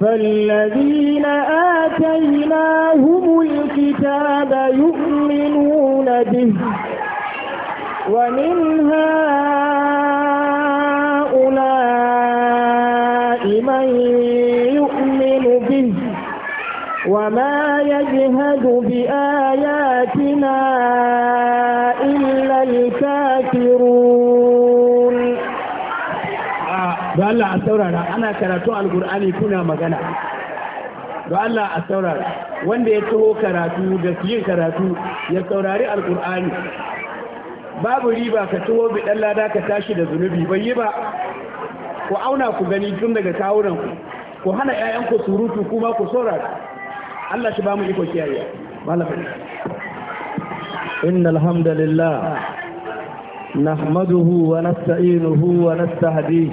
فالذي Allah a saurara ana karatu alkur'ani kuna magana da Allah a saurara wanda ya taho karatu da yin karatu ya saurari alkur'ani babu riba ka taho bi dan lada ka tashi da zunubi bai yi ba ku auna ku gani tun daga kawunan ku ku hana ƴaƴan ku surutu kuma ku saurara Allah shi ba mu iko kiyaye malaka innal hamdalillah نحمده ونستعينه ونستهديه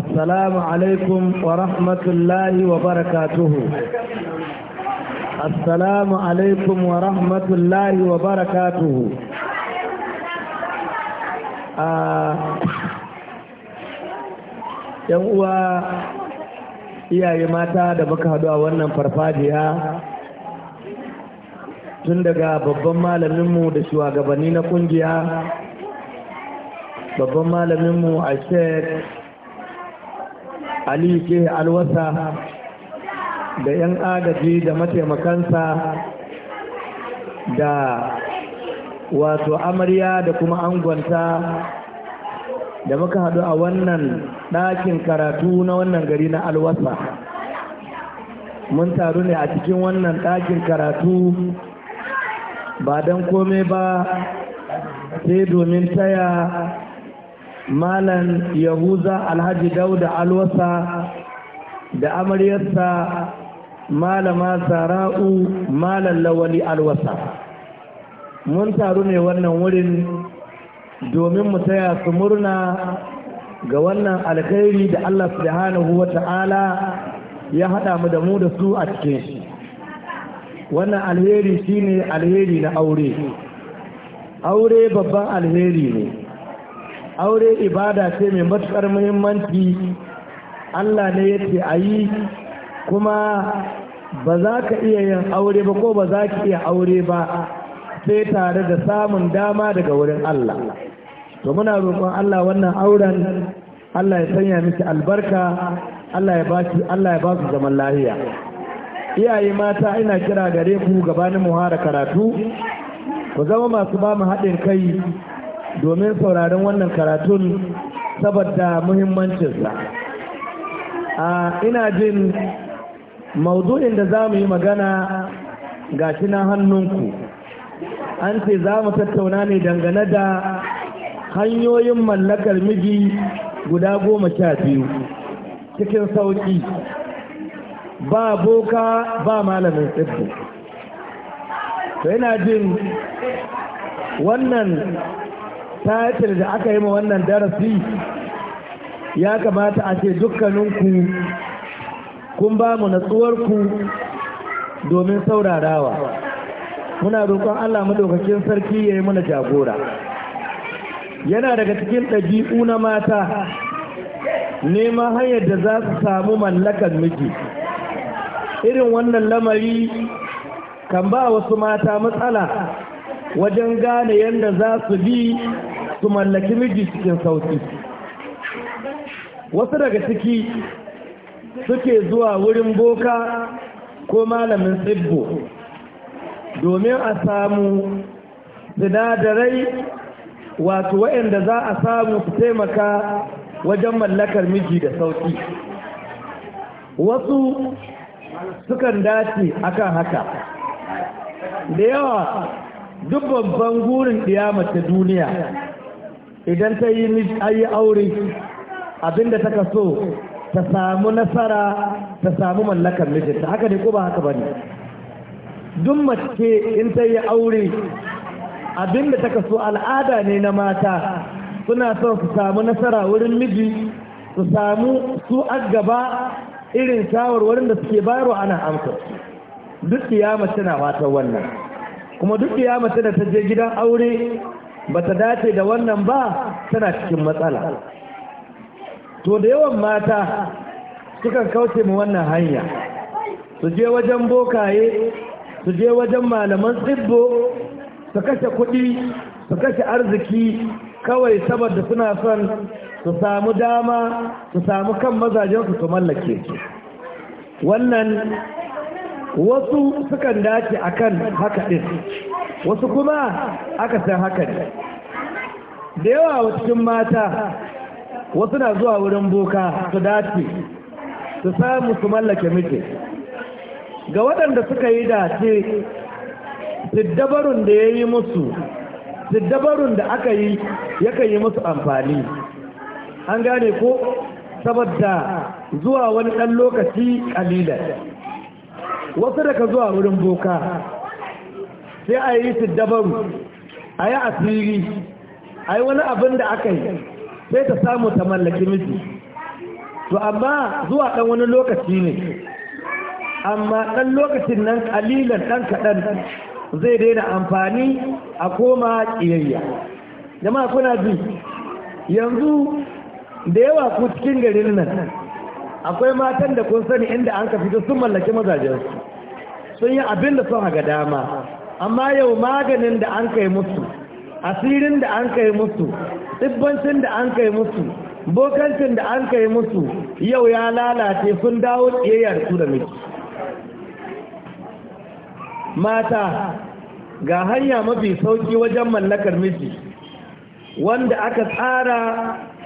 السلام عليكم ورحمة الله وبركاته السلام عليكم ورحمة الله وبركاته yan uwa iyaye mata da muka haɗu a wannan farfajiya tun daga babban malaminmu da shugabanni na ƙungiya, babban malaminmu a sheikh ali ke alwasa da 'yan agaji da mataimakansa da wato amarya da kuma angonta da muka haɗu a wannan ɗakin karatu na wannan gari na alwasa mun taru ne a cikin wannan ɗakin karatu ba don kome ba sai domin taya Malam yahuza alhaji dauda alwasa da amaryarsa malama sara'u malan lawali alwasa mun taru ne wannan wurin domin mu taya su murna ga wannan alkhairi da allah subhanahu wa ta'ala ya haɗa mu da mu da su a cikin shi wannan alheri shine alheri na aure aure babban alheri ne aure ibada ce mai matuƙar muhimmanci Allah ne ya ce a yi kuma ba za ka iya yin aure ba ko ba za ki iya aure ba sai tare da samun dama daga wurin Allah to muna roƙon Allah wannan auren Allah ya sanya miki albarka Allah ya baki Allah ya ba su zaman lafiya iyaye mata ina kira gare ku gabanin muhara karatu ku zama masu ba mu haɗin kai domin sauraron wannan karatun saboda muhimmancinsa a ina jin maudu'in da za mu yi magana ga shi na hannunku an ce za mu tattauna ne dangane da hanyoyin mallakar miji guda goma sha biyu cikin sauƙi ba boka ba malamin tsibbi to ina jin wannan tatil da aka yi ma wannan darasi ya kamata a ce dukkaninku kun ba mu natsuwarku domin saurarawa muna roƙon Allah madaukakin sarki ya yi mana jagora yana daga cikin ɗabi'u na mata neman hanyar da za su samu mallakar miji irin wannan lamari kan ba wasu mata matsala wajen gane yadda za su bi su mallaki miji cikin sauki wasu daga ciki suke zuwa wurin boka ko malamin tsibbo domin a samu sinadarai wato waɗanda za a samu su taimaka wajen mallakar miji da sauki wasu sukan dace akan haka da yawa duk babban gurin ɗiyama ta duniya idan ta yi aure abinda ta kaso ta samu nasara ta samu mallakar mijinta haka ne ko ba haka bane duk mace in ta yi aure abinda ta so al'ada ne na mata suna son su samu nasara wurin miji su samu su gaba irin shawarwarin da suke bayarwa ana amsa duk mace tana watan wannan kuma duk mace da ta je gidan aure ba ta dace da wannan ba tana cikin matsala to da yawan mata sukan kauce mu wannan hanya su je wajen bokaye su je wajen malaman tsibbo su kashe kuɗi su kashe arziki kawai saboda suna son su samu dama su samu kan mazajensu su mallake su wannan wasu sukan dace akan haka ɗin wasu kuma aka san haka ne da yawa cikin mata wasu na zuwa wurin boka su dace su samu su mallake miji ga waɗanda suka yi dace siddabarun da ya yi musu siddabarun da aka yi yakan yi musu amfani an gane ko saboda zuwa wani ɗan lokaci ƙalilar. wasu daga zuwa wurin boka sai a yi su dabaru a yi asiri a yi wani abin da aka yi sai ta samu ta mallaki miji to amma zuwa ɗan wani lokaci ne amma ɗan lokacin nan ƙalilan ɗan kaɗan zai daina amfani a koma ƙiyayya jama'a kuna ji yanzu da yawa ku cikin garin nan akwai matan da kun sani inda an ka fito sun mallaki mazajensu sun yi abin da sun haga dama amma yau maganin da an kai musu asirin da an kai musu tsibbancin da an kai musu bokancin da an kai musu yau ya lalace sun dawo tsiyayyar su da miki mata ga hanya mafi sauki wajen mallakar miji wanda aka tsara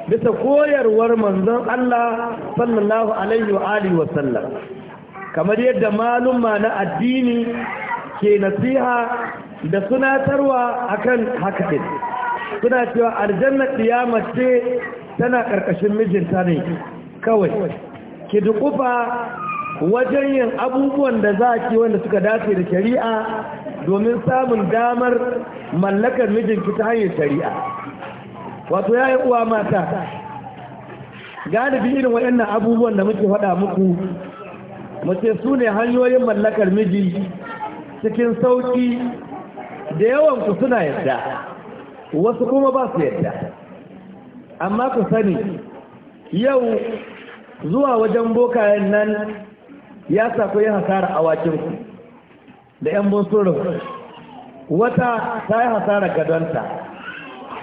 bisa koyarwar manzon Allah sallallahu alaihi wa alihi wa sallam kamar yadda malumma na addini ke nasiha da sunatarwa akan haka din suna cewa aljanna ɗiyama ce tana ƙarƙashin mijinta ne kawai ki dukufa wajen yin abubuwan da za ke wanda suka dace da shari'a domin samun damar mallakar mijinki ta hanyar shari'a wato ya yi uwa mata galibi irin waɗannan abubuwan da muke faɗa muku mace su ne hanyoyin mallakar miji cikin sauƙi da yawan ku suna yadda wasu kuma ba su yadda amma ku sani yau zuwa wajen bokayen nan ya sa ku yi hasara a wakinku da 'yan bunsurin wata ta yi hasara gadonta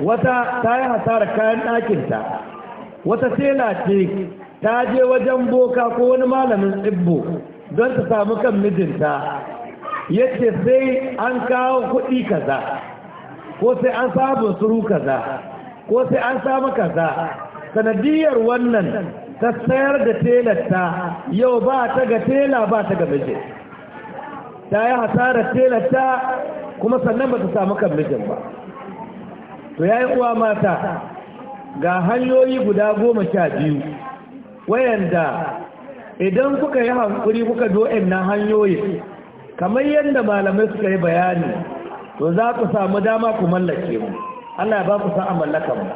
wata ta yi hasara kayan ɗakinta wata tela ce ta je wajen boka ko wani malamin tsibbo don ta samu kan mijinta Yadda sai an kawo kuɗi kaza ko sai an samu suru kaza ko sai an samu kaza sanadiyar wannan ta sayar da telarta yau ba ta ga tela ba ta ga mijin ta yi hasarar telarta kuma sannan ba ta samu kan mijin ba to ya yi uwa mata ga hanyoyi guda goma sha biyu wayanda idan kuka yi hankuri kuka do'in na hanyoyi. kamar yadda malamai suka yi bayani to za ku samu dama ku mallake mu Allah ya ba ku san mallakan mu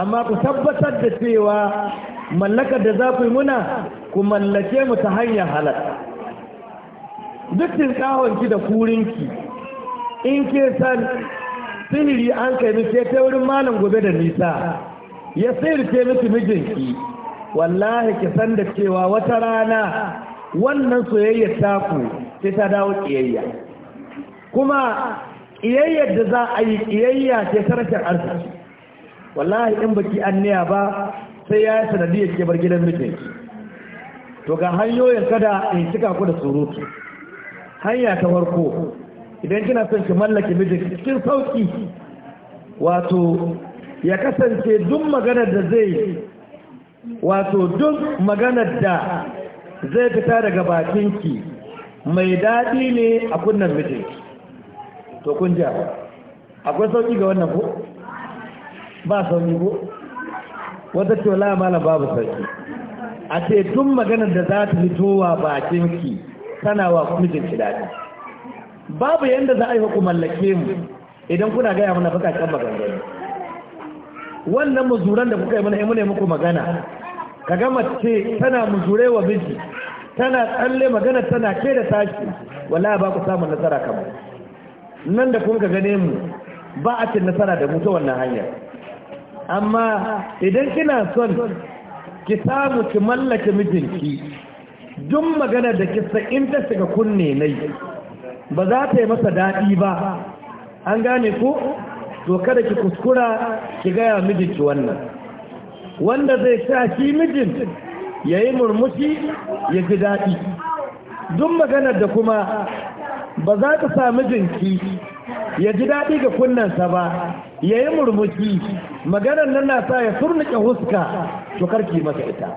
amma ku tabbatar da cewa mallakar da za ku yi muna ku mallake mu ta hanyar halal duk ki da kurinki in ke san sihiri an kai ke ta wurin malam gobe da nisa ya sihirce miki mijinki wallahi ki san da cewa wata rana wannan soyayyar taku sai ta dawo kiyayya kuma kiyayyar da za a yi kiyayya ce sarashin arziki wallahi in baki anniya ba sai ya yi sanadiyar ke bar gidan mijin to ga hanyoyin kada in cika ku da surutu hanya ta farko idan kina son ki mallake mijin cikin sauki wato ya kasance duk maganar da zai wato duk maganar da zai fita daga bakinki mai daɗi ne a kunnan mijin to kun ja akwai sauƙi ga wannan ko ba sauƙi ko wata tola mala babu sauƙi a ce tun maganar da za ta fitowa ki tana wa ki daɗi babu yadda za a yi ku mallake mu idan kuna gaya mana kan maganar wannan muzuran da kuka yi mana yi eh, muku magana ka gama ce tana muzurewa miji tana tsalle magana tana ke da tashi wala ba ku samun nasara kama nan da kun ka gane mu ba a cin nasara da mutu wannan hanya amma idan kina son ki samu ki mallake mijinki duk magana da kisa in ta shiga kunne nai ba za ta yi masa daɗi ba an gane ku to kada ki kuskura ki gaya mijinki wannan wanda zai sa shi mijin ya yi murmushi ya ji daɗi duk maganar da kuma ba za ta sami jinki ya ji daɗi ga kunnensa ba ya yi murmushi maganar nan na sa ya surnuke huska to karki maka ita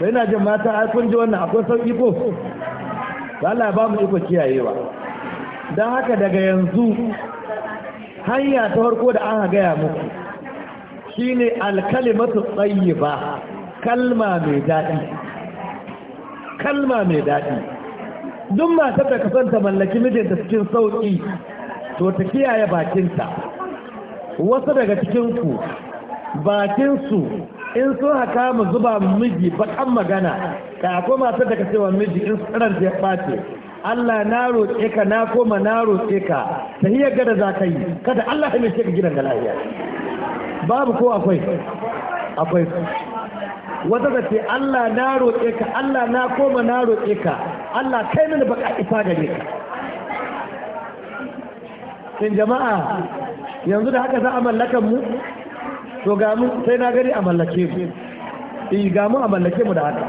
sai na jin mata a kun ji wannan akwai sauƙi ko Allah ba mu iko kiyayewa don haka daga yanzu hanya ta farko da aka gaya muku shine alkalimatu tsayi ba kalma mai daɗi kalma mai daɗi duk matar da kasanta mallaki mijinta cikin sauƙi to ta kiyaye bakinta wasu daga cikinku bakinsu in sun haka mu zuba miji baƙan magana da akwai matar da kasewa miji in tsaron ya ɓace Allah na roƙe ka na koma na roƙe ka ta hiyar gada za ka yi kada Allah ya mai ka gidan da lahiya babu ko akwai akwai wata da ce Allah na roƙe ka Allah na koma na roƙe ka Allah kai mini baka isa gare ka in jama'a yanzu da haka za a mallaka mu to ga mu sai na gari a mallake mu E, ga mu a mallake mu da haka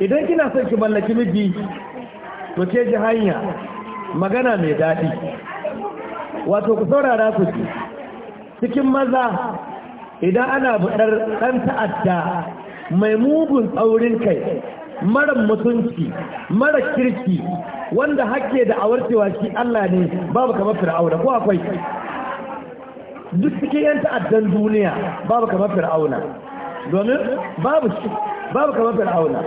idan kina son ki mallaki miji to ke ji hanya magana mai daɗi wato ku saurara ku ji cikin maza idan ana buɗar ɗan ta'adda mai mugun tsaurin kai mara mutunci mara kirki wanda hake da awarcewa shi Allah ne babu kamar fir'auna ko akwai duk cikin yan ta'addan duniya babu kamar fir'auna domin babu shi babu kamar fir'auna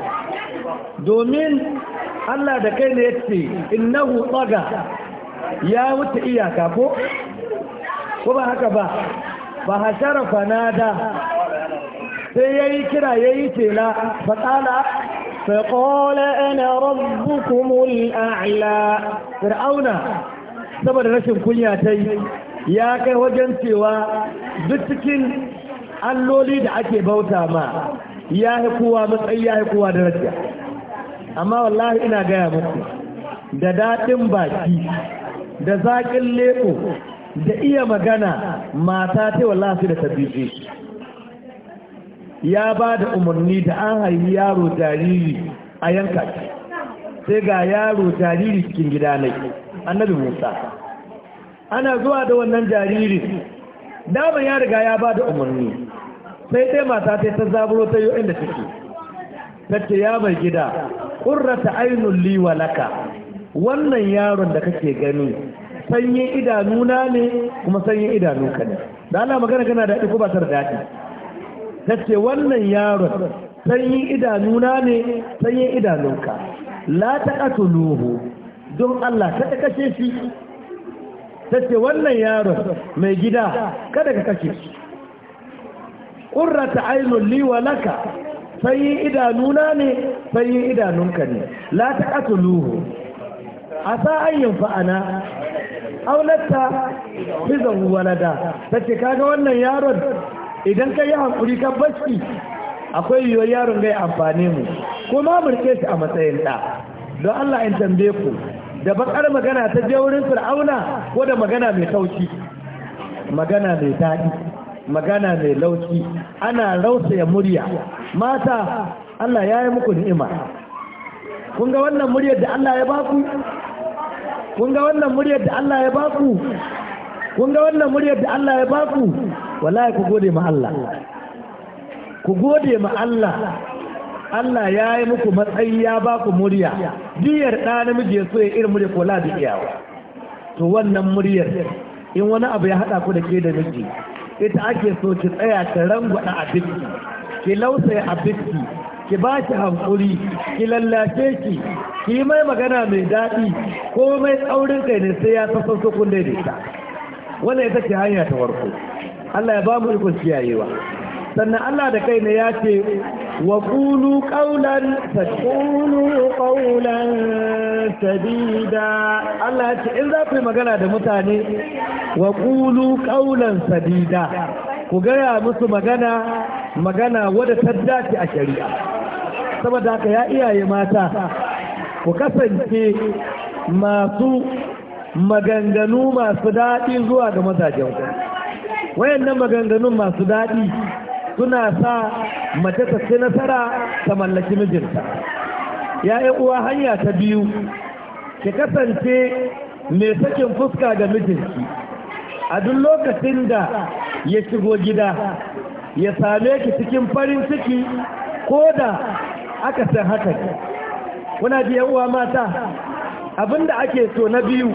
domin Allah da kai ne ya ce innahu tsaga ya wuce iyaka ko ko ba haka ba ba sharafa na da sai ya yi kira ya yi tela faƙala faƙola ana rabbukumul a'la fir'auna saboda rashin kunya ta yi ya kai wajen cewa duk cikin alloli da ake bauta ma ya yi kowa matsayi ya yi kowa daraja amma wallahi ina gaya muku da daɗin baki da zaƙin leɓo da iya magana mata ta wallahi sai da tabbiji ya ba da umarni da an haini yaro jariri a yanka sai ga yaro jariri cikin gida ne annabi musa ana zuwa da wannan jaririn daman ya riga ya ba da umarni sai dai mata ta ta zaburo ta yi inda take ta ce ya mai gida ƙurrata ainihin liwa laka wannan yaron da kake gani sanye idanuna ne kuma sanyin idanunka ne da Allah magana kana daɗi ko ba tare da daɗi tace ce wannan yaron sanye idanuna ne sanyin idanunka la ta ƙatuluhu don Allah ta kashe shi tace ce wannan yaron mai gida kada ka kashe shi ƙurrata li wa laka sanyin idanuna ne sanyin idanunka ne la ta ƙatuluhu a sa'an fa'ana aulatta hizahu walada ta ce kaga wannan yaron idan ka yi hankuri ka bashi akwai yiwuwar yaron gai amfani mu ma murke shi a matsayin ɗa don Allah in tambaye ku da bakar magana ta je wurin fir'auna ko da magana mai sauki magana mai daɗi magana mai lauki ana rausaya murya mata Allah ya yi muku ni'ima kun ga wannan muryar da Allah ya baku kun ga wannan muryar da Allah ya baku kun ga wannan muryar da Allah ya baku wallahi ku gode ma Allah ku gode ma Allah Allah ya yi muku matsayi ya baku murya diyar ɗa namiji ya so ya irin murya ko la da iyawa to wannan muryar in wani abu ya haɗa ku da ke da miji ita ake so ki tsaya ka rangwada a biki ki lausaya a biki ki ba ki hankuri ki lallace ki ki mai magana mai daɗi ko mai tsaurin kai ne sai ya sassan sukun daidaita wannan ita ce hanya ta warko Allah ya ba mu ikon kiyayewa sannan Allah da kai ne ya ce wa qulu qawlan taqulu qawlan sadida Allah ya ce in za ku magana da mutane wa qulu qawlan sadida ku gaya musu magana magana wadda ta dace a shari'a saboda haka ya iyaye mata ku kasance masu maganganu masu daɗi zuwa ga mazajen ku wayannan maganganun masu daɗi suna sa mace ta ci nasara ta mallaki mijinta ya uwa hanya ta biyu ki kasance mai sakin fuska ga mijinki a duk lokacin da ya shigo gida ya same ki cikin farin ciki ko da aka san haka kuna ji uwa mata abinda ake so na biyu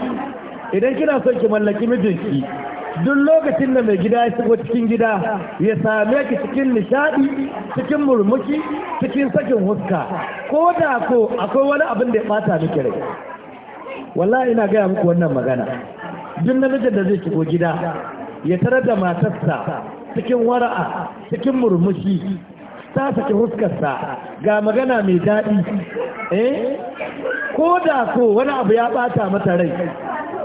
idan kina son ki mallaki mijinki duk lokacin da mai gida ya shigo cikin gida ya same ki cikin nishadi cikin murmuki, cikin sakin huska ko da ko akwai wani abin da ya bata miki rai wallahi ina gaya muku wannan magana duk namijin da zai shigo gida ya tarar da matarsa cikin wara'a cikin murmushi ta saki huskarsa ga magana mai daɗi eh ko da ko wani abu ya ɓata mata rai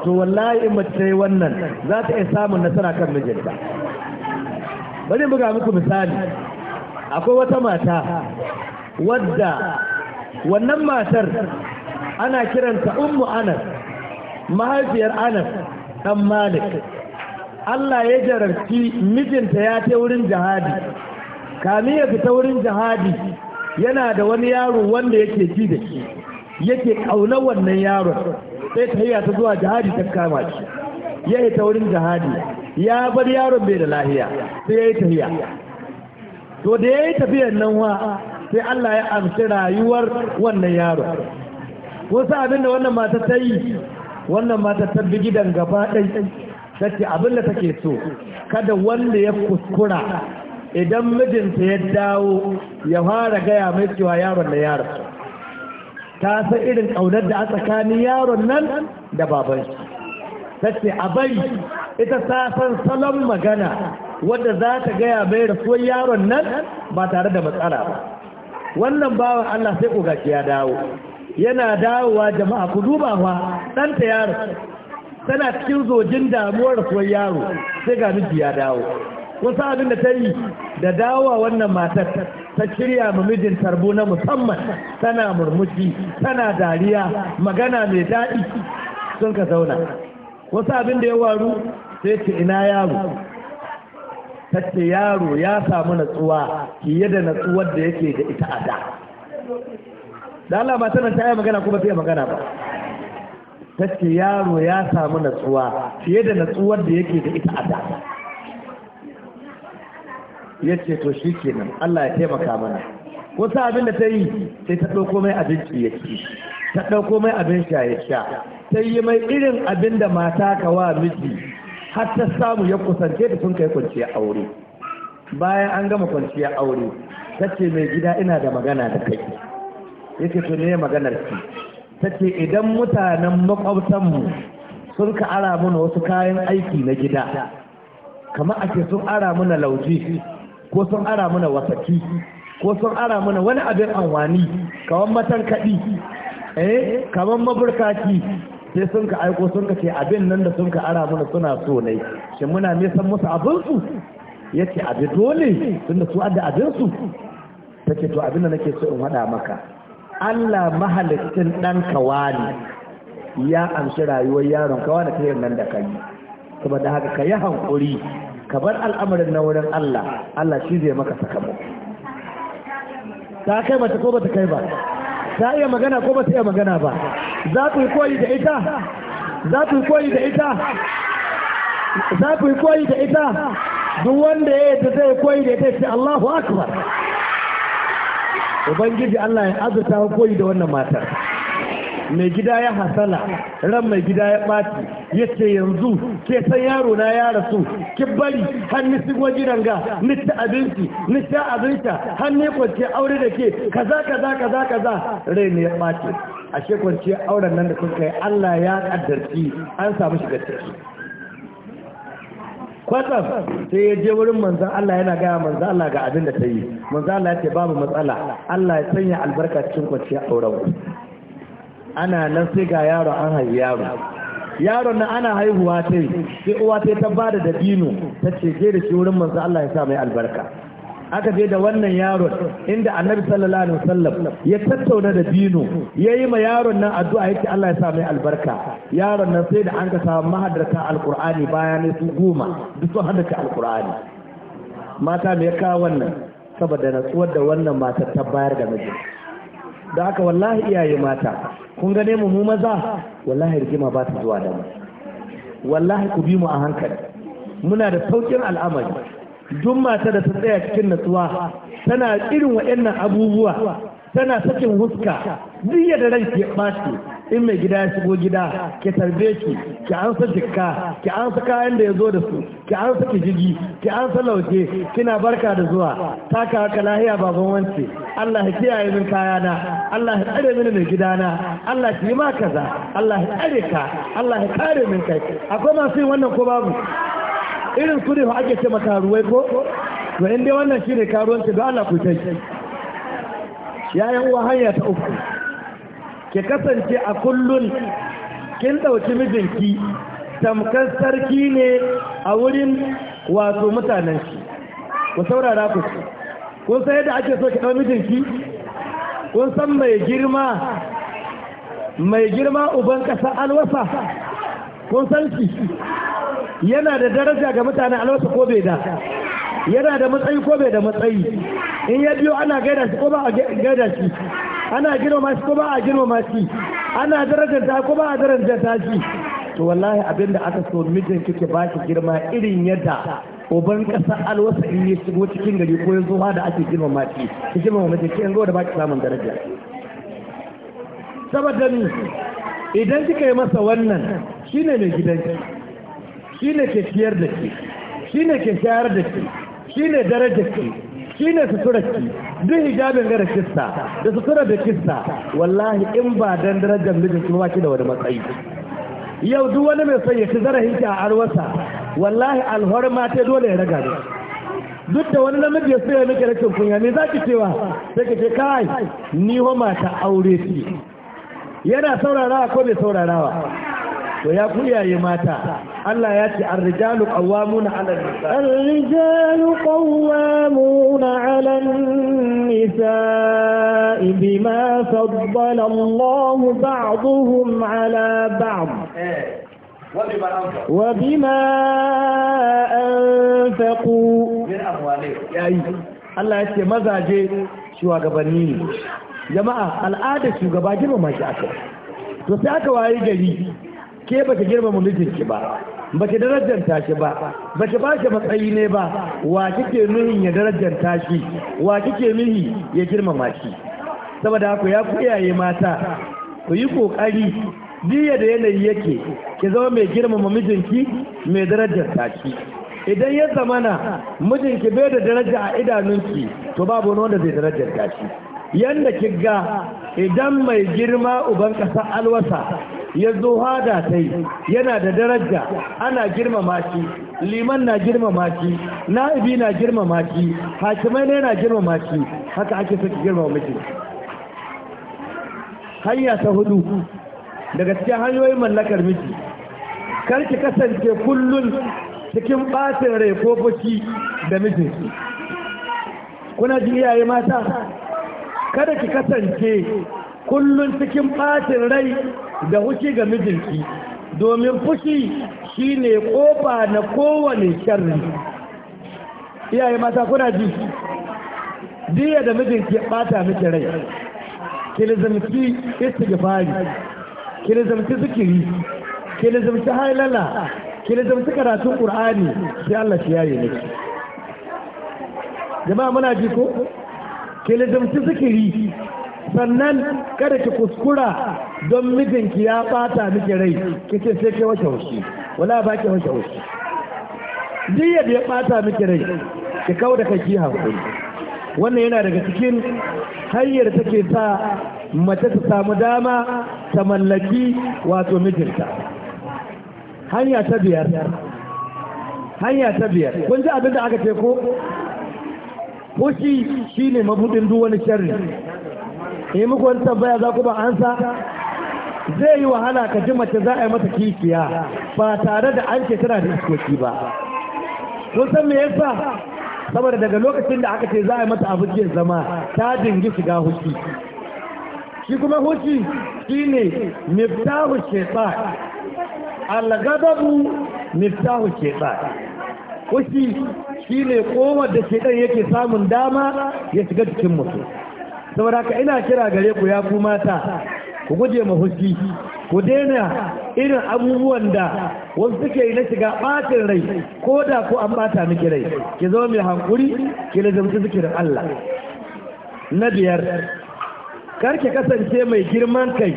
to wallahi in mace yi wannan za ta iya samun nasara kan mijinta bari buga muku misali akwai wata mata wadda wannan matar ana kiranta ummu anas mahaifiyar anas dan malik Allah ya jararci mijinta ya ce wurin jihadi kamin ya fita wurin jihadi yana da wani yaro wanda yake ji da shi yake ƙauna wannan yaron sai ta hiyya ta zuwa jihadi ta kama shi ya yi ta wurin jihadi ya bar yaron bai da lahiya sai ya yi tafiya to da ya yi tafiyar nan wa sai Allah ya amshi rayuwar wannan yaro sa abin da wannan mata ta yi wannan mata ta bi gidan gaba ɗai take abin da take so kada wanda ya kuskura idan mijinta ya dawo ya fara gaya mai cewa yaron da yaron ta san irin ƙaunar da a tsakanin yaron nan da baban shi tace a bari ita ta san salon magana wadda za ta gaya mai rasuwar yaron nan ba tare da matsala ba wannan bawan Allah sai ƙogaci ya dawo yana dawowa jama'a ku duba fa ɗanta yaro tana cikin zojin damuwar rasuwar yaro sai ga miji ya dawo wasu abin da ta yi da dawowa wannan matar ta shirya ma mijin tarbo na musamman tana murmushi tana dariya magana mai daɗi sun ka zauna wasu abin da ya waru sai ce ina yaro ta ce yaro ya samu natsuwa fiye da natsuwar da yake da ita a da da Allah ba tana ta yi magana kuma sai magana ba ta ce yaro ya samu natsuwa fiye da natsuwar da yake da ita a da ya ce to shi kenan Allah ya taimaka mana wasu abin da ta yi sai ta ɗauko mai abinci ya ci ta ɗauko mai abin sha ya sha ta yi mai irin abin da mata ka wa miji har ta samu ya kusance ta sun kai kwanciya aure bayan an gama kwanciya aure ta ce mai gida ina da magana da kai yake to ne maganar ki tace idan mutanen makwabtanmu sun ka ara mana wasu kayan aiki na gida kamar ake sun ara mana lauje ko sun ara mana wasaki ko sun ara mana wani abin anwani kamar matankaɗi eh kamar maburkaki sai sun ka aiko sun ka ce abin nan da sun ka ara mana suna so ne shi muna nisan musu abinsu ya ce abin dole tunda su adda abinsu ta ce to abin da nake so in haɗa maka Allah mahalicin ɗanka wani ya amshi rayuwar yaron kawa na kayan nan da kayi, kuma saboda haka ka yi hankuri ka bar al'amarin na wurin Allah Allah shi zai maka sakamako ta kai mata ko bata kai ba ta iya magana ko bata iya magana ba za ku yi koyi da ita za ku yi koyi da ita za ku yi koyi da ita duk wanda ya yi ta zai koyi da ita ce Allahu akbar ubangiji Allah ya azurta koyi da wannan matar mai gida ya hasala ran mai gida ya ɓaci ya ce yanzu ke san yaro na ya rasu ki bari hannu ni sun ga ranga ni abinci hannu ya aure da ke kaza kaza kaza kaza rai ne ya ɓaci ashe kwance auren nan da kuka yi Allah ya kaddarci an samu shiga ciki kwatsam sai ya je wurin manzan Allah yana gaya manzan Allah ga abin da ta yi manzan Allah ya ce babu matsala Allah ya sanya albarka cikin kwanciyar auren ana nan sai ga yaro an haifi yaro yaron nan ana haihuwa ta yi sai uwa ta ta ba da dabino ta ce je da shi wurin manzan Allah ya sa mai albarka aka je da wannan yaron inda annabi sallallahu alaihi wasallam ya tattauna da dino yayi ma yaron nan addu'a yake Allah ya sa mai albarka yaron nan sai da an ka samu mahadarta alqur'ani bayan su goma duk sun hadda alqur'ani mata me ya kawo wannan saboda natsuwar da wannan mata ta bayar da miji da aka wallahi iyaye mata kun gane mu mu maza wallahi rigima ba ta zuwa da mu wallahi ku bi mu a hankali muna da saukin al'amari duk mata da ta tsaya cikin natsuwa tana irin waɗannan abubuwa tana sakin huska duk da ran ke ɓace in mai gida ya shigo gida ki tarbe ki ki an sa jikka ki an sa kayan da ya zo da su ki an sa kijigi ki an sa lauje kina barka da zuwa ta taka ka lahiya baban wance Allah ya kiyaye min kayana Allah ya tsare mini mai gidana Allah ki yi ma kaza Allah ya tsare ka Allah ya kare min kai akwai masu yin wannan ko babu irin su ne ake ce makaruwai ko to in dai wannan shine karuwanci don Allah ku tai yayin uwa hanya ta uku ki kasance a kullun kin dauki mijinki tamkar sarki ne a wurin wato mutanen shi ku saurara ku kun san yadda ake so ki dau mijinki kun san mai girma mai girma uban kasa alwasa kun san shi yana da daraja ga mutane alwasa ko bai da yana da matsayi ko bai da matsayi in ya biyo ana gaida shi ko ba a gaida shi ana girmama shi ko ba a girmama shi ana darajar ta ko ba a ta shi to wallahi abin da aka so mijin kike ba shi girma irin yadda uban kasa alwasa in ya shigo cikin gari ko ya zuwa da ake girmama shi ki girmama mijin ki zo da baki samun daraja saboda ni idan kika yi masa wannan shine mai gidanki shi ne ke siyar da ke shi ne ke shayar da ke shi ne dare da ke shi ne sutura ki duk hijabin gara kista da sutura da kista wallahi in ba dan darajar mijin kuma ki da wani matsayi yau duk wani mai son ya ci zarafin ki a arwasa wallahi alhorma ta dole ya raga ne duk da wani namiji ya sayar miki rashin kunya ne za ki cewa sai ki ce kai ni homa ta aure ki yana saurarawa ko bai saurarawa to ya kuya yi mata Allah ya ce ar-rijalu qawwamuna 'ala an-nisa ar-rijalu qawwamuna 'ala an-nisa'i bima faddala Allahu ba'dahum 'ala ba'd وبما eh, أنفقوا Allah ya ce mazaje shugabanni ne jama'a al'ada shugaba girma shi aka to sai aka waye gari ke baki girmama mijinki ba ba baki darajanta shi ba ba baki ba shi matsayi ne ba wa kike nuhi ya darajanta shi wa kike nuhi ya girmama shi saboda haka ya ku iyaye mata ku yi kokari jiya da yanayi yake ki zama mai girmama mijinki mai darajanta shi idan ya zamana mijinki bai da daraja a idanunki to babu wanda zai darajanta shi yanda kigga idan mai girma uban ƙasa alwasa ya zo hada ta yana da daraja ana girmama shi liman na girmama shi na'ibi na girmama shi hakimai ne na girmama shi haka ake so ki girmama miki hanya ta hudu daga cikin hanyoyin mallakar miji, kar ki kasance kullun cikin ɓacin rai ko fushi da mijinki kuna ji iyaye mata kada ki kasance kullum cikin ɓatin rai da hushi ga mijinki domin fushi shi ne kofa na kowane sharri iyaye mata kuna ji diya da mijinki ya ɓata miki rai ki lizamci istighfari ki lizamci zikiri ki lizamci hailala ki lizamci karatun qur'ani sai Allah shi yaye miki jama'a muna ji ko ke lizamci zikiri sannan kada ki kuskura don mijinki ya bata miki rai ki sai ke wace wasu wala ba ki wace wasu duk da ya bata miki rai ki kawo da kai ki wannan yana daga cikin hanyar take sa mace ta samu dama ta mallaki wato mijinta hanya ta biyar hanya ta biyar kun ji abin da aka ce ko fushi shine mabudin duk wani sharri yi eh, muku wani tambaya za ku ba ansa zai yi wahala ka ji mace za a yi mata kifiya. ba tare da an ce tana da iskoki ba kun san me yasa saboda daga lokacin da aka ce za a yi mata abin zama ta dingi shiga hushi shi kuma hushi shine miftahu Allah al-ghadabu miftahu sheba hushi shi ne kowar da shaidan yake samun dama ya shiga cikin mutum saboda ka ina kira gare ku ya ku mata ku guje ma hushi ku daina irin abubuwan da wasu suke yi na shiga ɓacin rai ko da ku an ɓata miki rai ki zama mai hankuri ki lazumci zikirin Allah na biyar kar ki kasance mai girman kai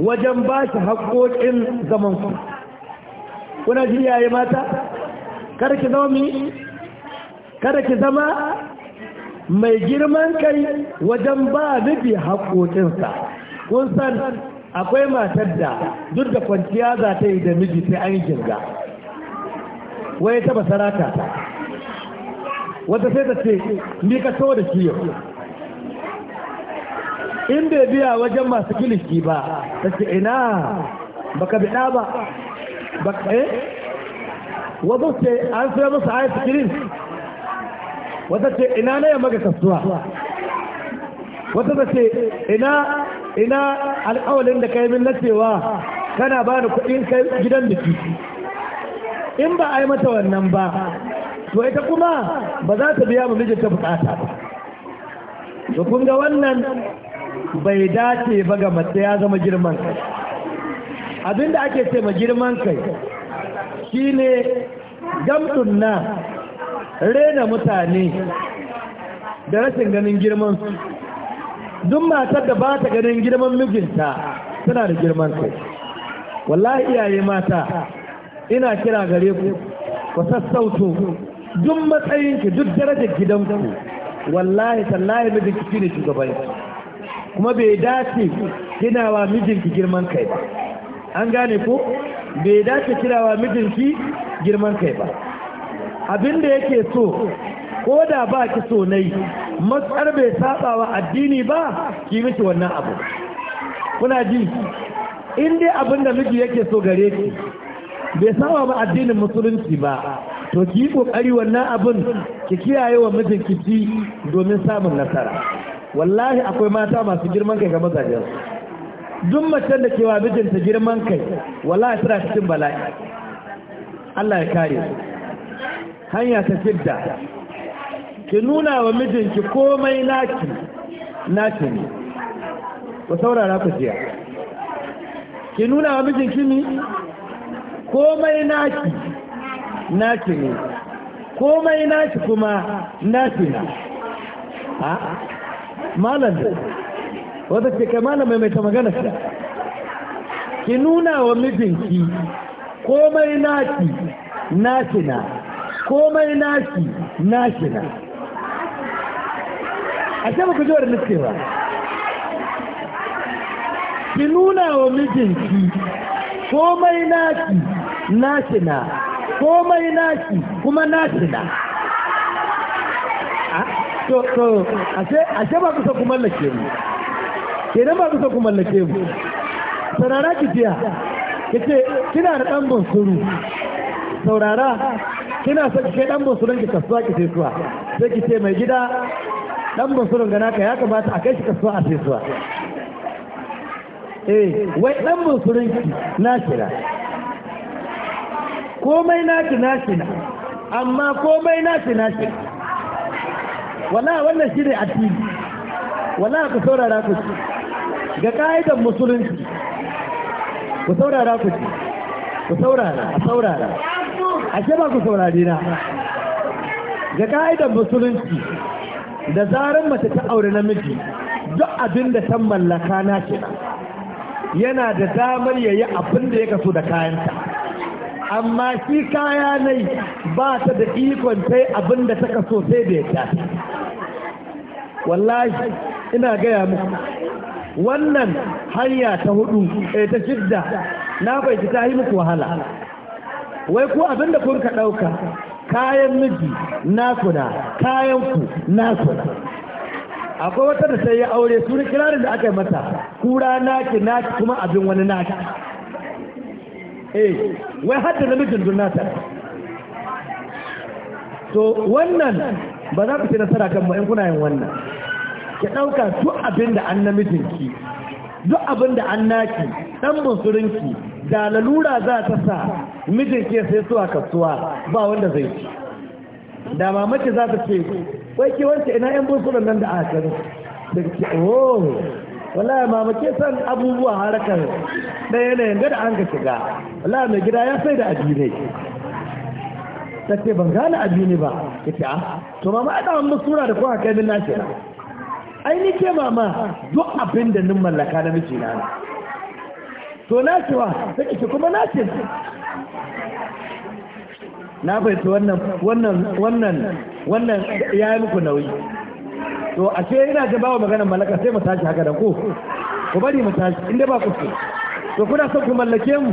wajen ba shi haƙoƙin zamanku kuna ji yayi mata kar ki zama mai kada ki zama mai girman kai wajen ba nufi haƙoƙinsa kun san akwai matar da duk da kwanciya za ta yi da miji sai an girga wai ta basara ta wata sai ta ce ni ka to da shi yau in bai biya wajen masu kiliki ba ta ce ina baka biɗa ba baka eh wazo sai an sai musu ice cream wata ce ina na yamma ga kasuwa wata ta ce ina ina alƙawalin da kai min na cewa kana ba da kuɗin kai gidan biki in ba a yi mata wannan ba to ita kuma ba za ta biya mu ta bukata ba to kun ga wannan bai dace ba ga mace ya zama girman kai abinda ake ce ma girman kai shine gamtun na rena mutane da rashin ganin girman su duk matar da ba ta ganin girman mijinta tana da girman kai wallahi iyaye mata ina kira gare ku ku sassauto duk ki duk darajar gidanku wallahi tallahi mijin ki shine shugaban kuma bai dace kina wa mijinki girman kai ba an gane ku, bai dace kira wa mijinki girman kai ba Abin da yake so ko da ba ki so nai matsar bai saba wa addini ba ki miki wannan abu kuna ji in dai abin da miji yake so gare ki bai saba ba addinin musulunci ba to ki yi kokari wannan abin ki kiyaye wa mijin ki domin samun nasara wallahi akwai mata masu girman kai ga mazajen duk macen da ke wa mijinta girman kai wallahi tana cikin bala'i Allah ya kare su hanya ta fidda ki nuna wa mijinki komai naki naki ne ku saurara ku jiya ki nuna wa mijinki ne komai naki naki ne komai naki kuma naki na ha malam wata ce kai malamai mai ta magana ta ki nuna wa mijinki komai naki naki na komai naki naki na a ce ku jiwar nufke ba ki nuna wa mijinki komai naki naki na komai naki kuma naki na a ah, ce ba kusa kuma lake mu kenan ba kusa kuma lake mu sanara ki jiya kace kina da ɗan bunsuru saurara kina ki kai dan basuran ki kasuwa ki saisuwa sai ki ce mai gida dan basuran ga naka ya kamata a kai shi kasuwa a saisuwa eh wai dan basuran ki na kira, komai ki na shira amma komai ki na ki wala wannan shi ne addini wala ku saurara ku ga ka'idan musulunci ku saurara ku ci ku saurara a saurara ashe ba ku saurare na ga ka'idar musulunci da zarar mace ta aure namiji duk abin da ta mallaka na ke yana da damar yayi abin da ya kasu da kayanta amma shi kaya nai ba ta da ikon sai abin da ta kaso sai da ya tafi wallahi ina gaya muku wannan hanya ta hudu eh, ta shidda na bai ta yi muku wahala wai ko abin da kun ka ɗauka kayan miji naku na kayan ku naku na akwai wata da sai ya aure su kirarin da aka yi mata kura naki naki kuma abin wani naki eh wai hadda namijin dun nata to wannan ba za ku ce nasara kan in kuna yin wannan ki ɗauka duk abin da an namijinki duk abin da an naki ɗan bunsurinki da lalura za ta sa mijin ke sai suwa kasuwa ba wanda zai ci da mamaki za ta ce wai ke wance ina yan bursunan nan da aka kanu da ke oh wallahi mama ke san abubuwa harakar da yanayin da an ga shiga wallahi mai gida ya sai da addinai ta ce ban gane addini ba ta ce ah to mama a wani sura da kuma kai min na ai ni ke mama duk abin da nun mallaka na miji na to na ce wa ta ce kuma na ce na fahimci wannan wannan wannan wannan ya yi muku nauyi to a ce ina ba bawa maganar mallaka sai mu tashi haka da ko ku bari mu tashi inda ba ku to kuna son ku mallake mu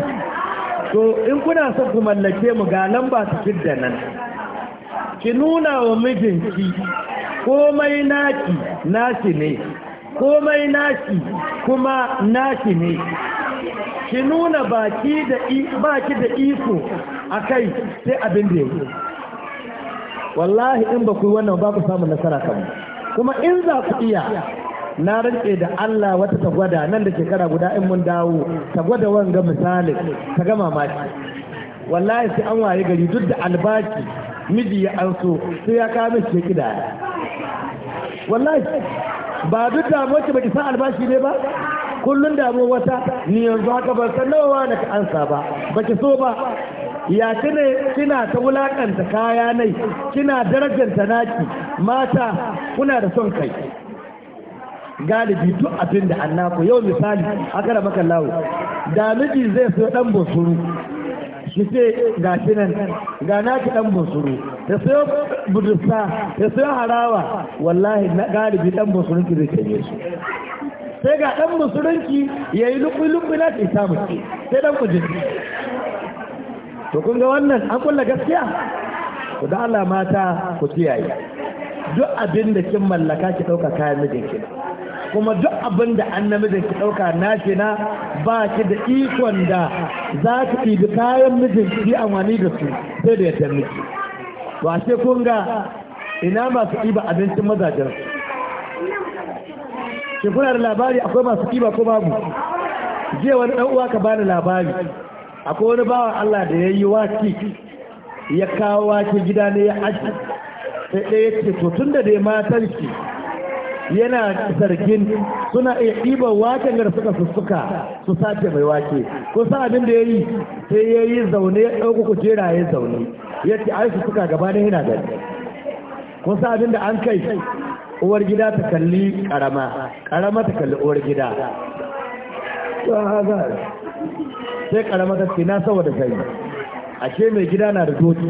to in kuna son ku mallake mu ga lamba ta da nan ki nuna wa mijinki komai naki nashi ne komai naki kuma naki ne ki nuna baki da baki da iko akai sai abin da yake wallahi in ba ku wannan ba ku samu nasara kan kuma in za ku iya na rantse da Allah wata ta gwada nan da shekara guda in mun dawo ta gwada wanga misali ta ga mamaki wallahi sai an waye gari duk da albashi miji ya anso sai ya kawo mishi kida wallahi ba duk da mace baki san albashi ne ba kullun damu wata ni yanzu haka ban san nawa da ka ansa ba baki so ba ya kine kina ta wulakanta kaya nai kina darajanta naki mata kuna da son kai galibi duk abin da annaku yau misali haka da maka lawo da miji zai so dan bosuru shi ce ga shi nan ga naki dan bosuru da sayo budursa da sayo harawa wallahi galibi dan bosuru ki zai kanye su sai ga ɗan musulunci ya yi lukwi-lukwi na ce samu sai ɗan kujinci to kun ga wannan an kulla gaskiya ku da Allah mata ku kiyaye duk abin da kin mallaka ki ɗauka kayan mijinki kuma duk abin da an namijin ki ɗauka na ce na ba ki da ikon da za ki ɗibi kayan mijin ki amfani da su sai da ya miki to a ina masu ɗiba abincin mazajen su shi kuna da labari akwai masu kiba ko babu jiya wani dan uwa ka bani labari akwai wani bawan Allah da ya yi waki ya kawo wake gida ne ya aji sai ɗaya ce to tun da dai matar ki yana zargin suna iya ɗiban waken da suka sussuka su sace mai wake ko sa abin da ya yi sai ya yi zaune ya ɗauka kujera ya zaune ya ce ai suka gaba ne yana gani kun sa abin da an kai uwar gida ta kalli karama karama ta kalli uwar gida sai karama ta ce na saboda a ashe mai gida na da doki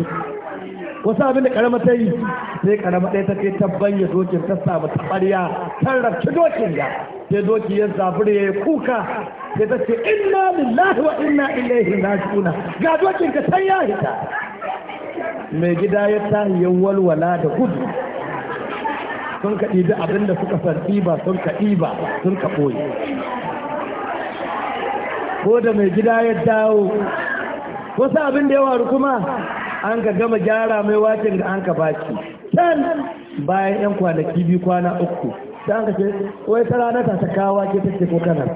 wasu abin da karama ta yi sai karama ɗaya ta ce ta banya dokin ta samu ta ɓarya ta rafci dokin ya sai doki ya zafiri ya yi kuka sai ta ce inna lillahi wa inna ilaihi juna, ga dokin ka san ya hita mai gida ya tahiyin walwala da gudu sun ka ɗibi abin da suka san ba sun ka ɗiba sun ka ɓoye ko da mai gida ya dawo wasu abin da ya waru kuma an ka gama gyara mai wakin da an ka baki can bayan 'yan kwanaki biyu kwana uku da an ka ce wai ta rana ta ta kawa ke take ko kanar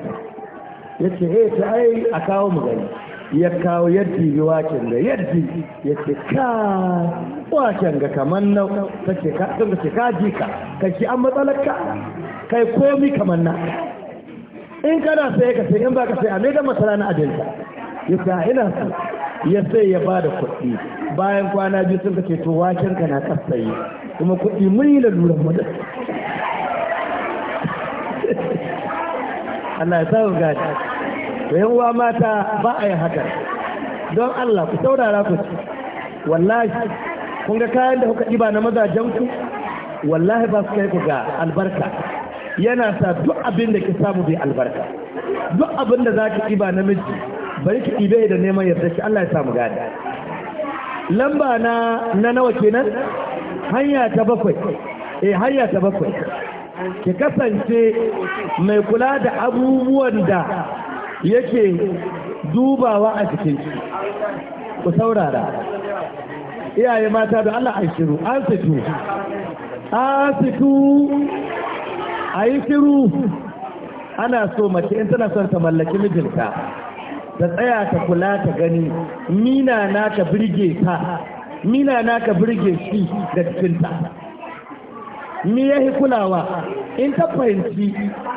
ya ce eh, ai a kawo mu gani ya kawo yadda yi waken da yadda ya ce ka waken ga kamar nan kake ka ɗin ce ka ji ka an matsalar ka kai komi kamar nan in kana sai ka sai in ba ka sai a mai da masara na adinta ya sa ina su ya sai ya ba da kuɗi bayan kwana biyu sun kake to waken ka na kasaye kuma kuɗi mun yi lura mu da Allah ya sa gadi yan uwa mata ba a yi haka don Allah ku saurara ku ci wallahi kun ga kayan da kuka ɗiba na mazajenku wallahi ba su kai ku ga albarka yana sa duk abin da ki samu bai albarka duk abin da za ki ɗiba namiji bari ki ɗibe da neman yarda shi Allah ya samu gani lamba na na nawa kenan hanya ta bakwai eh hanya ta bakwai ki kasance mai kula da abubuwan da yake dubawa a cikin shi ku saurara iyaye mata da Allah an shiru an situ a shiru ana so mace in tana son ta mallaki mijinta ta tsaya ta kula ta gani mina na ta birge ta mina na ka birge shi da cikinta ni ya yi kulawa in ta fahimci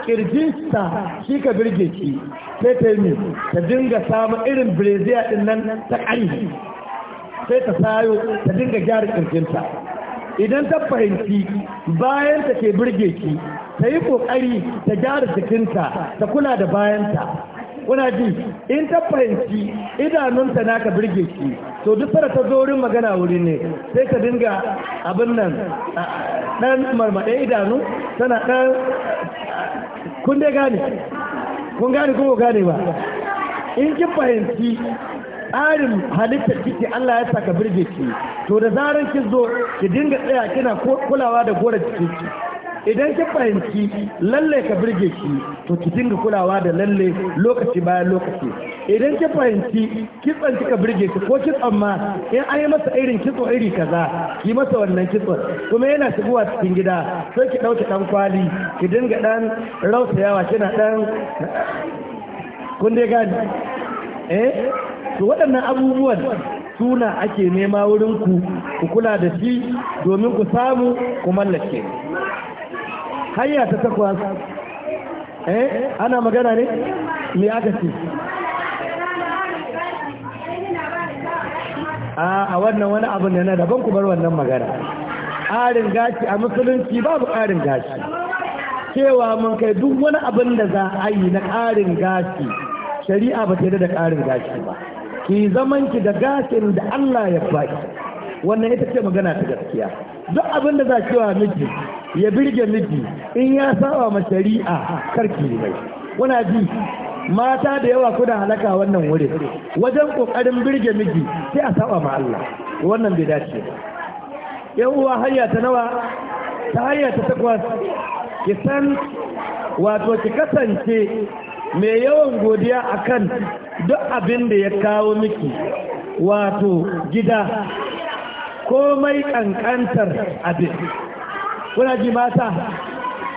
kirjista shi ka birge ki sai ta yi ta dinga samun irin breziya din nan ta ƙari sai ta sayo ta dinga gyara kirjinta idan ta fahimci bayan ta ke birge ki ta yi ƙoƙari ta gyara jikinta ta kula da bayanta kuna ji in ta fahimci idanunta naka birge ki to duk fara ta zo wurin magana wuri ne sai ka dinga abin nan dan marmaɗe idanu tana dan kun dai gane kun gane kuma gane ba in kin fahimci tsarin halittar kike Allah ya saka birge ki to da zarar kin zo ki dinga tsaya kina kulawa da gora jikinki idan ki fahimci lalle ka birge shi to ki dinga kulawa da lalle lokaci bayan lokaci idan ki fahimci kitson kika birge shi ko kitson ma in an yi masa irin kitso iri kaza ki masa wannan kitso, kuma yana shigowa cikin gida sai ki dauke ɗan kwali ki dinga ɗan yawa kina ɗan kun dai gani eh to waɗannan abubuwan suna ake nema wurin ku ku kula da shi domin ku samu ku mallake hanya ta takwas eh ana magana ne me aka ce a wannan wani abu ne na daban ku bar wannan magana ƙarin gashi a musulunci babu ƙarin gashi cewa mun kai duk wani abin da za a yi na ƙarin gashi shari'a ba ta da ƙarin gashi ba ki zaman ki da gashin da Allah ya faɗi. wannan ita ce magana ta gaskiya duk abin da za ki wa miji ya birge miji in ya saba ma shari'a karki mai wana ji mata da yawa kuna halaka wannan wuri wajen kokarin birge miji sai a saba ma Allah wannan bai dace ba yan uwa hanya ta nawa ta hanya ta takwas ki san wato ki kasance mai yawan godiya akan duk abin da ya kawo miki wato gida komai kankantar abin kuna ji mata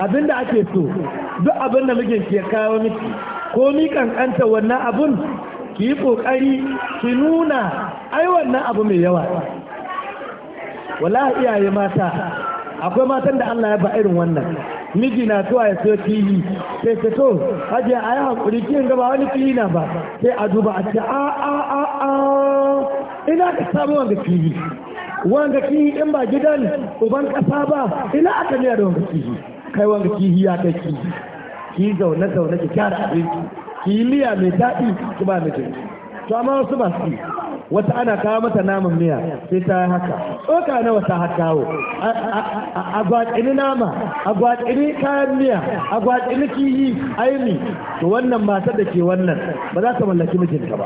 abin da ake so duk abin da mijin ke kawo miki komi kankantar wannan abun ki yi kokari ki nuna ai wannan abu mai yawa wala iyaye mata akwai matan da Allah ya ba irin wannan miji na zuwa ya sayo TV sai ta to haje a yi hakuri kin ga ba wani kilina ba sai a duba a ce a ina ka samu wanda TV wanga kihi in ba gidan uban kasa ba ina aka ne da wanga kihi kai wanga kihi ya kai kihi ki zaune zaune ki kyara abinci ki yi miya mai daɗi ki ba mijinki to amma wasu ba su wata ana kawo mata naman miya sai ta yi haka tsoka na wata hakawo a gwatsini nama a gwatsini kayan miya a gwatsini kiyi aini to wannan mata da ke wannan ba za ta mallaki mijinta ba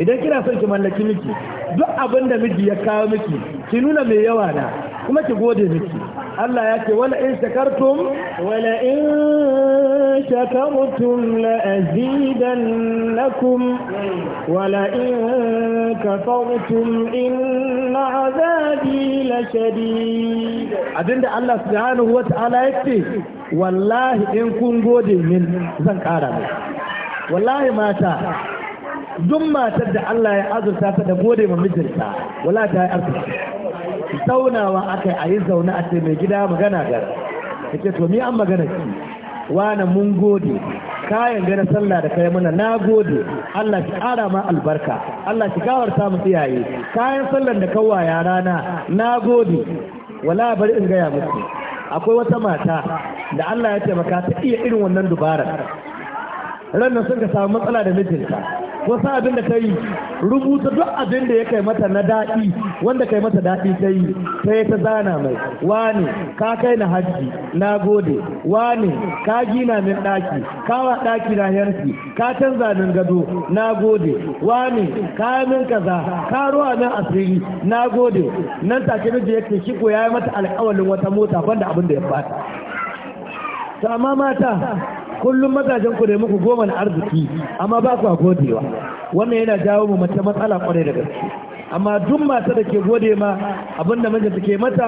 idan kina son ki mallaki miki duk abin da miji ya kawo miki ki nuna mai yawa na kuma ki gode miki Allah ya ce wala in shakartum wala in shakartum la azidannakum wala in kafartum inna azabi la shadid abinda Allah subhanahu wata'ala ya ce wallahi in kun gode min zan kara mai wallahi mata duk matar da Allah ya azurta ta da gode ma mijinta wala ta yi azurta? zaunawa akai a yi zaune a ce mai gida magana gar yake to ni an magana ki wani mun gode kayan gana sallah da kai mana na gode Allah ki ƙara ma albarka Allah ki gawarta mu iyaye kayan sallan da ya rana na gode wala bari in gaya muku akwai wata mata da Allah ya taimaka ta iya irin wannan dubara ranar sun ka samu matsala da mijinta wasu abin da ta yi rubuta duk abin da ya kai mata na daɗi wanda kai mata daɗi ta yi ta yi ta zana mai wani ka kai na hajji na gode wani ka gina min ɗaki kawa ɗaki na yanki ka canza min gado na gode wani ka yi min kaza ka ruwa min asiri na gode nan take miji ya shi ko ya yi mata alƙawalin wata mota banda abin da ya fata. to mata kullum mazajen ku ne muku goma na arziki amma ba ku godewa wannan yana jawo mu mace matsala kwarai da gaske amma duk mata da ke gode ma abinda mijin take mata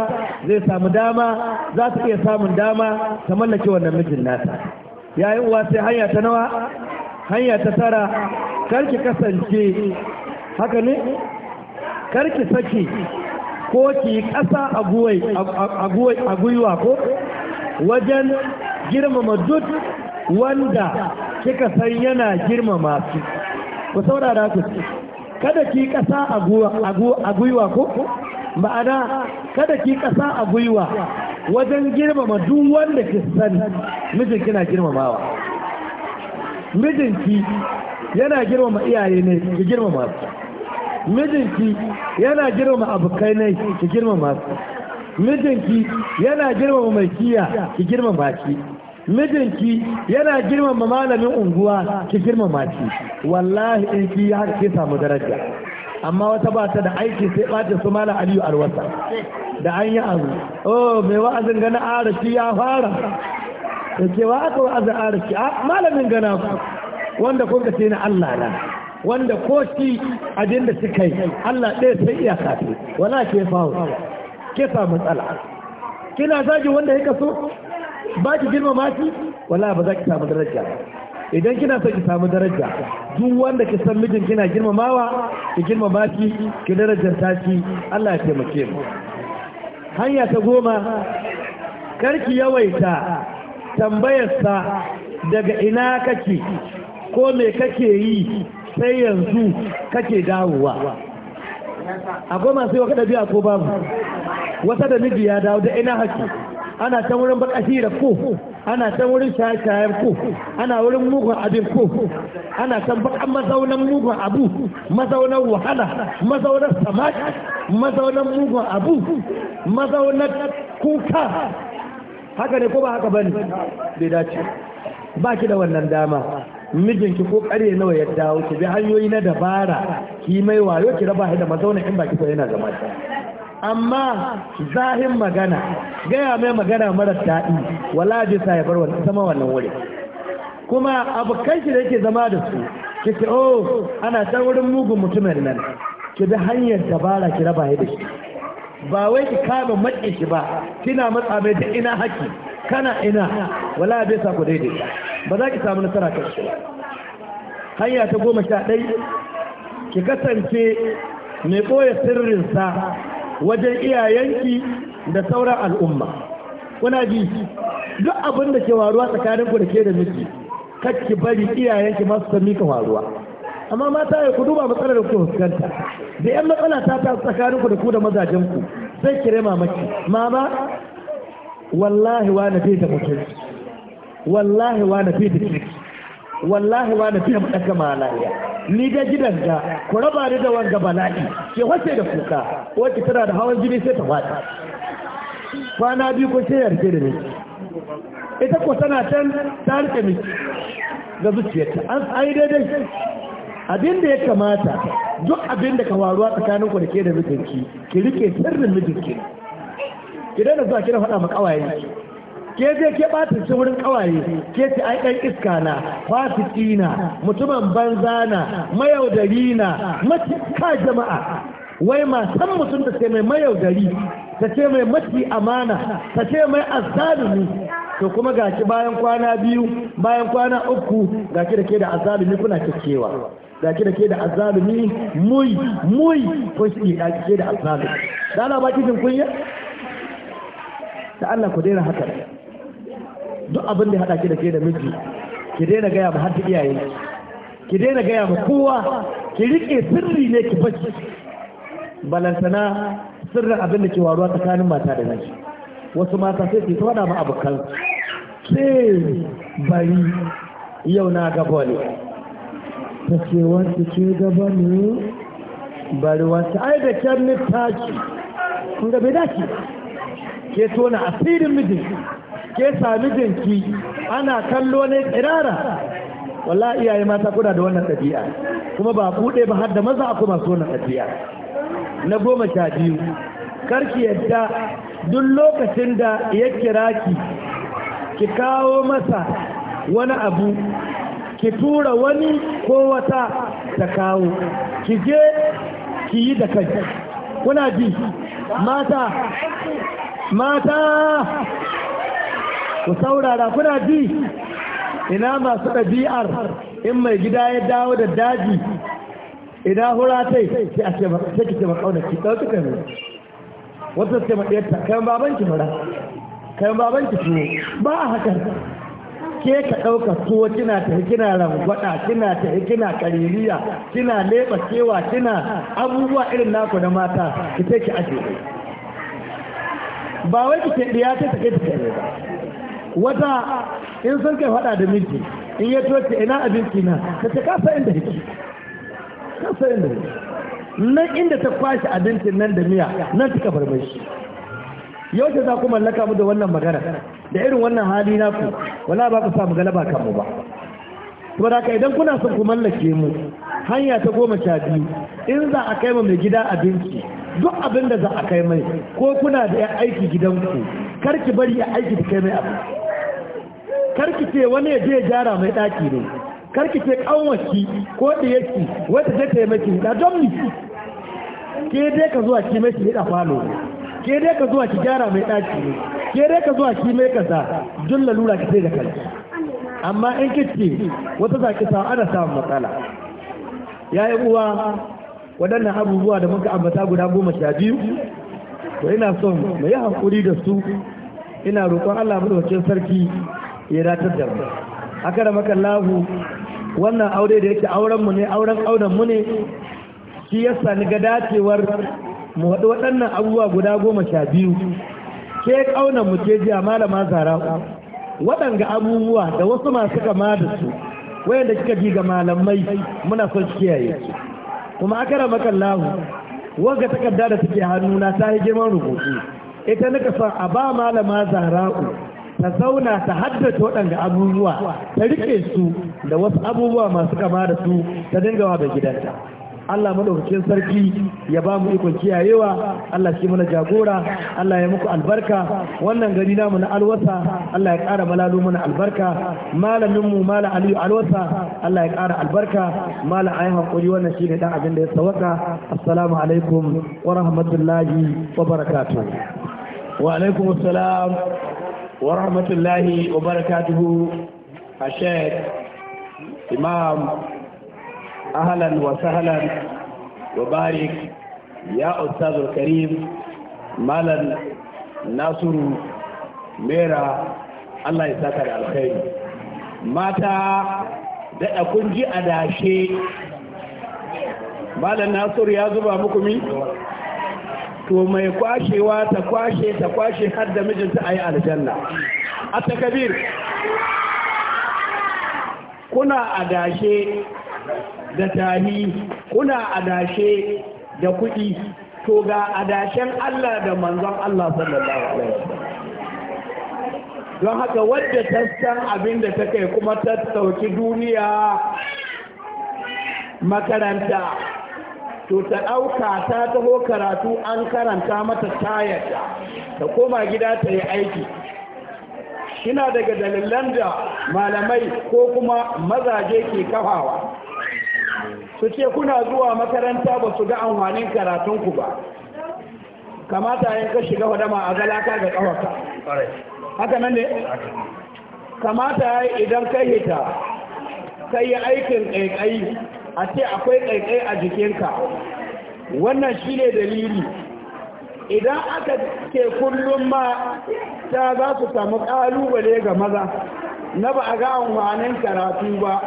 zai samu dama za su iya samun dama ta mallake wannan mijin nata yayin uwa sai hanya ta nawa hanya ta tara karki kasance haka ne karki saki ko ki kasa a gwiwa ko wajen girmama duk wanda kika san yana girmama su ku saurara ku ce kada ki kasa a gwiwa ko ma'ana kada ki kasa a gwiwa wajen girmama duk wanda ki sani mijin kina girmamawa mijinki yana girmama iyaye ne ki girmama su mijinki yana girmama abokai ne ki girmama su mijinki yana girmama mai kiya ki girmama shi. mijinki yana girmama malamin unguwa ki girmama ki wallahi in ki ya ki samu daraja amma wata ba ta da aiki sai ɓata su malam aliyu alwasa da an yi abu oh mai wa'azin gana arashi ya fara da wa aka wa'azin arashi a ah, malamin gana ku wanda kun ce na allah na wanda ko shi abin da suka yi allah ɗaya sai iya kafi wala ke fawo ke samu matsala kina zagi wanda yake so ba ki girmama shi wala ba za ki samu daraja idan kina son ki samu daraja duk wanda ki san mijin kina girmamawa ki girmama shi ki darajar ta shi Allah ya taimake mu hanya ta goma kar ki yawaita tambayarsa daga ina kake ko me kake yi sai yanzu kake dawowa akwai masu yi wa kada biya ko babu wata da miji ya dawo da ina haki ana ta wurin da ko ana ta wurin shayayen ko ana wurin mugun abin ko ana ta bakan mazaunan mugun abu mazaunan wahala mazaunan samaki mazaunan mugun abu mazaunan kuka haka ne ko ba haka bane bai dace ba ki da wannan dama mijinki ko kare nawa ya dawo ki bi hanyoyi na dabara ki mai wayo ki raba shi da mazauna in baki ko yana zama amma zahin magana gaya mai magana mara daɗi wala ji sa ya bar zama wannan wuri kuma abokan shi da yake zama da su ki ce oh ana ta wurin mugun mutumin nan ki bi hanyar dabara ki raba da shi ba wai ki kama matse shi ba kina matsa mai da ina haki kana ina wala bai sa ku daidai ba za ki samu nasara kan shi hanya ta goma sha ɗai ki kasance mai ɓoye sirrinsa wajen iyayenki da sauran al'umma kuna ji duk abin da ke waruwa tsakanin ku da ke da miki kakki bari iyayenki masu san mika waruwa amma mata ya ku duba matsalar da ku fuskanta da yan matsala ta ta tsakanin ku da ku da mazajen ku kire mamaki mama wallahi wa na fi da mutunci wallahi wa na fi da kirki wallahi ba na fiye mu ɗaka Malaya. ni ga gidan ga ku raba ni da wanga bala'i ke wace da kuka wacce tana da hawan jini sai ta fata kwana biyu ko sai yarke da miki ita ko tana can ta rike miki ga zuciyarta an ai daidai abin da ya kamata duk abin da ka waruwa tsakanin ku da ke da mijinki ki rike sirrin mijinki ki da zuwa kira faɗa ma ƙawayenki ke je ke ɓata shi wurin ƙawaye ke ce ai ɗan iska na fasiki na mutumin banza na mayaudari na ka jama'a wai san mutum da ce mai mayaudari ta ce mai mati amana ta ce mai azzalumi to kuma gashi bayan kwana biyu bayan kwana uku gashi da ke da azzalumi kuna kyakkyawa gashi da ke da azzalumi mui mui kun shi ke da azzalumi da ana baki jin kunya da Allah ku daina haka duk abin da haɗa ki da ke da miji ki daina gaya ma har iyaye ki daina gaya ma kowa ki riƙe sirri ne ki bashi balantana sirrin abin da ke waruwa tsakanin mata da miji wasu mata sai ki faɗa ma abokan ke bari yau na gaba ne ta ce wata ce gaba ne bari wata ai da kyan tashi kun dace ke tona asirin mijinki ke sami jinki ana kallo ne tsirara walla iyaye mata kuna da wannan ɗabi'a kuma ba buɗe ba har da maza aku masu wannan ɗabi'a na goma sha biyu karki yadda duk lokacin da ya kira ki ki kawo masa wani abu ki tura wani ko wata ta kawo ki je ki yi da kai kuna ji mata mata ku saurara kuna ji ina masu ɗabi'ar in mai gida ya dawo da daji ina hura ta yi? sai a ce sai ki ce ma kauna ki dauki kai wata ce ma ɗiyarta kai baban ki mura kai baban ki tuwo ba a hakan ke ka ɗauka tuwo kina ta yi kina rangwada kina ta yi kina kaririya kina leɓa cewa kina abubuwa irin naku na mata ki sai ki ajiye ba wai ki ce ɗiya ta take ta kai ba wata in sun kai fada da minti in ya tuwace ina abinci na ta ce kasa inda hiki kasa inda hiki nan inda ta kwashe abincin nan da miya nan ta kafar shi yau ce za ku mallaka mu da wannan magana da irin wannan hali na ku wala ba ku samu galaba kanmu ba kuma da idan kuna son ku mallake mu hanya ta goma sha biyu in za a kai mai gida abinci duk abin da za a kai mai ko kuna da aiki gidanku kar ki bari ya aiki ta kai mai abinci karkice wani ya je gyara mai daki ne karkice kawanci ko yake wata ta taimaki da don ni. ke dai ka zuwa ki mai ki da falo ke dai ka zuwa ki gyara mai daki ne ke dai ka zuwa ki mai kaza dun lalura ki sai da kanki amma in kice wata zaki sa ana samun matsala yayin uwa waɗannan abubuwa da muka ambata guda goma sha biyu to ina son mu yi haƙuri da su ina roƙon Allah madaukakin sarki ya datar da mu haka da makallahu wannan aure da yake auren mu ne auren auren mu ne shi yasa ni ga dacewar mu haɗu waɗannan abubuwa guda goma sha biyu ke ƙaunar mu ke jiya malama zara waɗanga abubuwa da wasu masu kama da su wayanda kika ji ga malamai muna son kiyaye kuma maka makallahu wanga takarda da take na ta yi girman rubutu ita nika son a ba malama zara'u ta zauna ta haddace waɗanda abubuwa ta rike su da wasu abubuwa masu kama da su ta dingawa da gidanta Allah maɗaukacin sarki ya ba mu ikon kiyayewa Allah shi mana jagora Allah ya muku albarka wannan gari namu na alwasa Allah ya ƙara malalu mana albarka malamin mu mala aliyu alwasa Allah ya ƙara albarka mala ayi hakuri wannan shine dan abin da ya sawaka assalamu alaikum wa rahmatullahi wa barakatuh wa alaikum assalam warahmatullahi wa barakatuhu a sheik imam ahalan wa sahalan wa barik ya ustazul karim malan nasiru mera allah ya saka da alkhairi mata daɗa kun ji a dashe Malam Nasiru ya zuba muku min to mai kwashewa ta kwashe ta kwashe har da mijinta a yi aljanna a takabir kuna adashe da tahi kuna adashe da kuɗi to ga adashen Allah da manzon Allah sallallahu alaihi wasallam don haka wadda ta san abin da ta kai kuma ta sauki duniya makaranta to ta ɗauka ta taho karatu an karanta mata tayar ta koma gida ta yi aiki ina daga dalilan da malamai ko kuma mazaje ke kafawa su ce kuna zuwa makaranta ba su ga amfanin karatunku ba kamata yin ka shiga wadama a galaka ga kawaka haka nan ne kamata idan ka hita ka yi aikin ƙaiƙayi a ce akwai ƙaiƙai a jikinka wannan shi ne dalili idan aka ke kullum ma ta za su samu ƙalubale ga maza na ba a ga amfanin karatu ba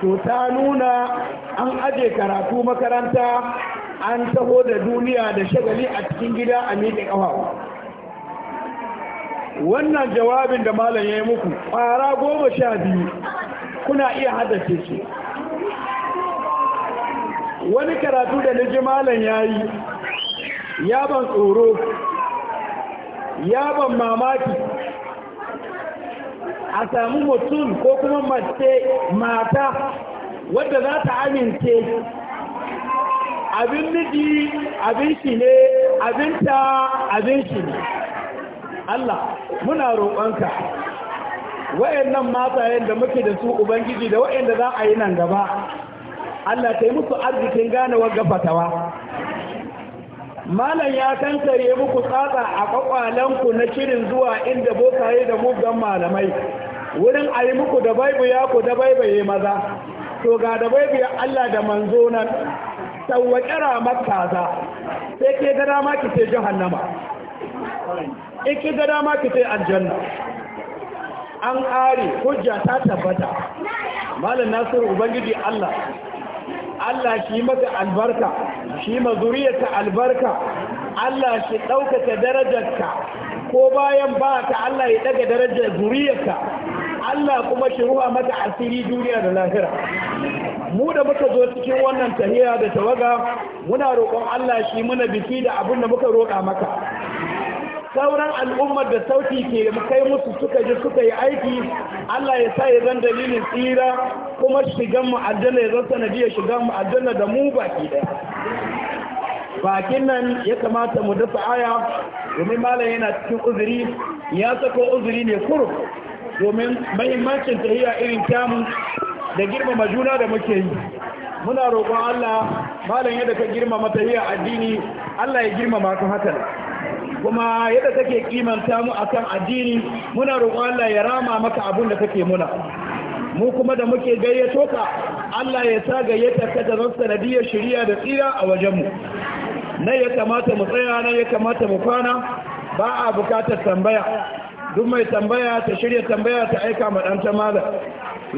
to ta nuna an aje karatu makaranta an taho da duniya da shagali a cikin gida a miƙe ƙafa wannan jawabin da malam ya yi muku ƙwara goma sha biyu kuna iya haddace shi wani karatu da na ji malam ya yi ya ban tsoro ya ban mamaki a samu mutum ko kuma mace mata wadda za ta amince abin miji abin shi ne abinta abin shi ne Allah muna roƙonka wa'annan matayen da muke da su ubangiji da wa'anda za a yi nan gaba Allah ta yi musu arzikin gane wagga fatawa malam ya tantare muku tsatsa a kwakwalanku na shirin zuwa inda bokaye da mugan malamai wurin a yi muku da baibu ya ku da baibaye maza to ga da baibu ya Allah da manzo nan tawwaƙe ramar kaza sai ke gada dama ki ce jahannama ki ga dama ki ce aljanna an ƙare hujja ta tabbata malam nasiru ubangiji Allah Allah shi mata albarka shi ma albarka Allah shi ɗaukata darajarka ko bayan ba ta Allah ya ɗaga darajar zuriyarka Allah kuma shi ruwa mata asiri duniya da lahira mu da muka zo cikin wannan tahiya da tawaga muna roƙon Allah shi muna biki da abin da muka roƙa maka sauran al'ummar da sauti ke kai musu suka ji suka yi aiki Allah ya sa ya zan dalilin tsira kuma shigan mu aljanna ya zan sanadiyar shigan mu da mu baki daya bakin nan ya kamata mu dafa aya domin malam yana cikin uzuri ya sako uzuri ne kuru domin mahimmancin tahiya irin kyamu da girmama juna da muke yi muna roƙon Allah malam yadda ka girmama tahiya addini Allah ya girmama ka haka kuma yadda kake kimanta mu akan addini muna roƙon Allah ya rama maka abun da kake muna mu kuma da muke gayyato ka Allah ya sa gayyata ka da zan sanadiyar shirya da tsira a wajenmu na ya kamata mu tsaya na ya kamata mu kwana ba a bukatar tambaya duk mai tambaya ta shirya tambaya ta aika ma dan tamala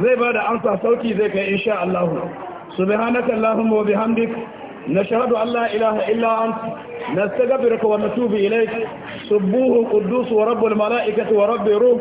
zai ba da amsa sauki zai kai insha Allah subhanaka allahumma wa bihamdik nashhadu an la ilaha illa anta نستغفرك ونتوب إليك wa القدوس ورب wa ورب الروح